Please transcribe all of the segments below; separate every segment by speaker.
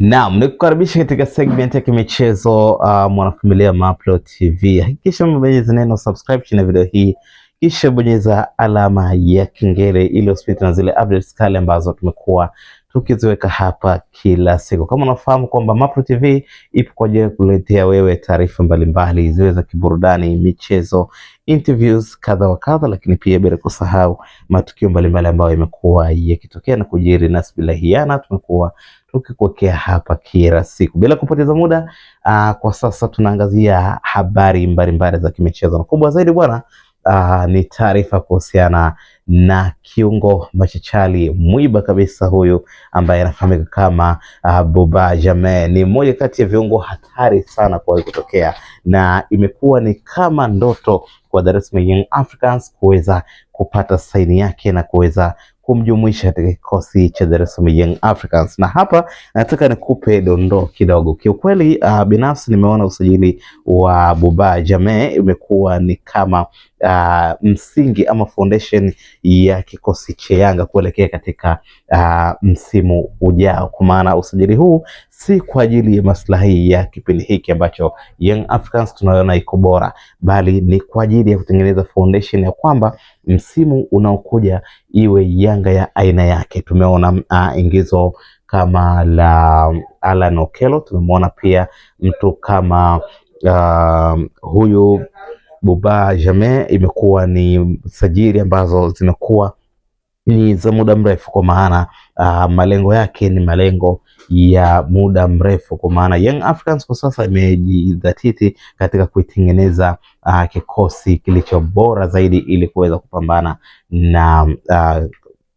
Speaker 1: Naam, nikukaribisha katika segment ya kimichezo uh, mwanafamilia Mapro TV. Hakikisha umebonyeza neno subscribe chini ya video hii kisha bonyeza alama ya kengele ili usipite na zile updates kali ambazo tumekuwa tukiziweka hapa kila siku. Kama unafahamu kwamba Mapro TV ipo kwa ajili ya kuletea wewe taarifa mbalimbali ziwe za kiburudani, michezo, interviews kadha wa kadha, lakini pia bila kusahau matukio mbalimbali ambayo yamekuwa yakitokea na kujiri, nasi bila hiana tumekuwa tukikuwekea hapa kila siku. Bila kupoteza muda, aa, ah, kwa sasa tunaangazia habari mbalimbali za kimichezo na kubwa zaidi bwana uh, ni taarifa kuhusiana na kiungo machachali mwiba kabisa huyu ambaye anafahamika kama uh, Buba Jammeh. Ni mmoja kati ya viungo hatari sana kuwahi kutokea, na imekuwa ni kama ndoto kwa Dar es Salaam Young Africans kuweza kupata saini yake na kuweza kumjumuisha katika kikosi cha Dar es Salaam Young Africans. Na hapa nataka nikupe dondoo kidogo. Kiukweli uh, binafsi nimeona usajili wa Buba Jame imekuwa ni kama uh, msingi ama foundation ya kikosi cha Yanga kuelekea katika uh, msimu ujao, kwa maana usajili huu si kwa ajili ya maslahi ya kipindi hiki ambacho Young Africans tunaona iko bora, bali ni kwa ajili ya kutengeneza foundation ya kwamba msimu unaokuja iwe Yanga ya aina yake. Tumeona uh, ingizo kama la Alan Okelo, tumemwona pia mtu kama uh, huyu Buba Jame, imekuwa ni sajili ambazo zimekuwa ni za muda mrefu, kwa maana uh, malengo yake ni malengo ya muda mrefu, kwa maana Young Africans kwa sasa imejidhatiti katika kuitengeneza uh, kikosi kilicho bora zaidi ili kuweza kupambana na uh,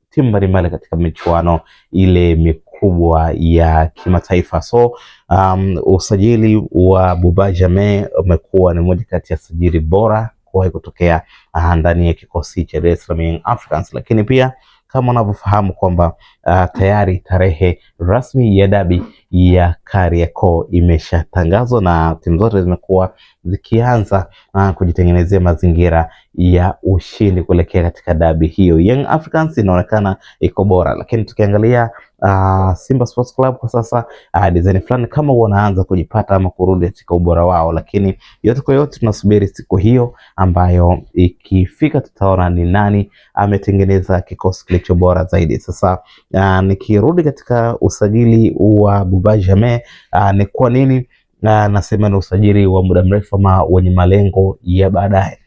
Speaker 1: timu mbalimbali katika michuano ile mikubwa ya kimataifa. So um, usajili wa Buba Jammeh umekuwa ni moja kati ya sajili bora kuwahi kutokea ah, ndani ya kikosi cha Dar es Salaam Young Africans, lakini pia kama unavyofahamu kwamba uh, tayari tarehe rasmi ya dabi ya Kariakoo imeshatangazwa na timu zote zimekuwa zikianza na ah, kujitengenezea mazingira ya ushindi kuelekea katika dabi hiyo. Young Africans inaonekana iko bora, lakini tukiangalia uh, Simba Sports Club kwa sasa uh, design fulani kama wanaanza kujipata ama kurudi katika ubora wao, lakini yote kwa yote tunasubiri siku hiyo ambayo ikifika tutaona ni nani ametengeneza kikosi kilicho bora zaidi. Sasa uh, nikirudi katika usajili wa Dubai Jamee uh, ni kwa nini na uh, ni usajili wa muda mrefu ama wenye malengo ya baadaye.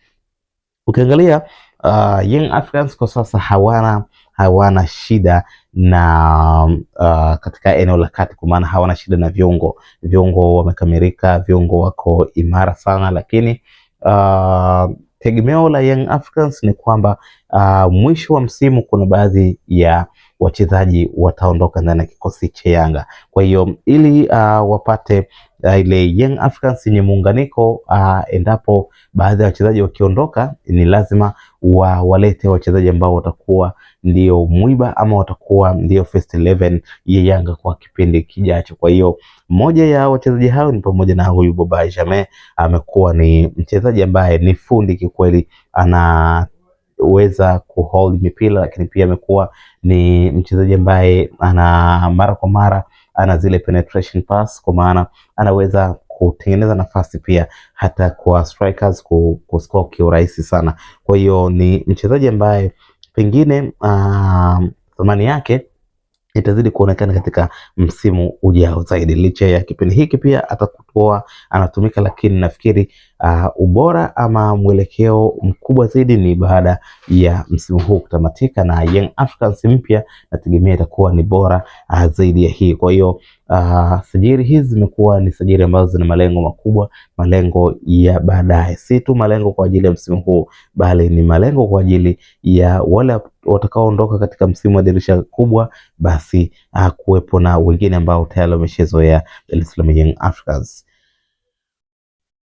Speaker 1: Ukiangalia uh, Young Africans kwa sasa hawana hawana shida na uh, katika eneo la kati, kwa maana hawana shida na viungo. Viungo wamekamilika, viungo wako imara sana, lakini uh, tegemeo la Young Africans ni kwamba uh, mwisho wa msimu kuna baadhi ya wachezaji wataondoka ndani ya kikosi cha Yanga. Kwa hiyo ili uh, wapate uh, ile Young Africans yenye muunganiko uh, endapo baadhi ya wachezaji wakiondoka, ni lazima wa walete wachezaji ambao watakuwa ndio mwiba ama watakuwa ndio first 11 ya Yanga kwa kipindi kijacho. Kwa hiyo mmoja ya wachezaji hao ni pamoja na huyu Boba Jamme, amekuwa ni mchezaji ambaye ni fundi kikweli, ana ameweza kuhold mipira, lakini pia amekuwa ni mchezaji ambaye ana mara kwa mara ana zile penetration pass, kwa maana anaweza kutengeneza nafasi pia hata kwa strikers kuscore kiurahisi sana. Kwa hiyo ni mchezaji ambaye pengine um, thamani yake itazidi kuonekana katika msimu ujao zaidi. Licha ya kipindi hiki pia atakutoa anatumika, lakini nafikiri uh, ubora ama mwelekeo mkubwa zaidi ni baada ya msimu huu kutamatika, na Young Africans mpya nategemea itakuwa ni bora uh, zaidi ya hii. Kwa hiyo uh, ah, sajili hizi zimekuwa ni sajili ambazo zina malengo makubwa, malengo ya baadaye, si tu malengo kwa ajili ya msimu huu, bali ni malengo kwa ajili ya wale watakaoondoka katika msimu wa dirisha kubwa, basi uh, kuwepo na wengine ambao tayari wameshazoea Dar es Salaam Young Africans.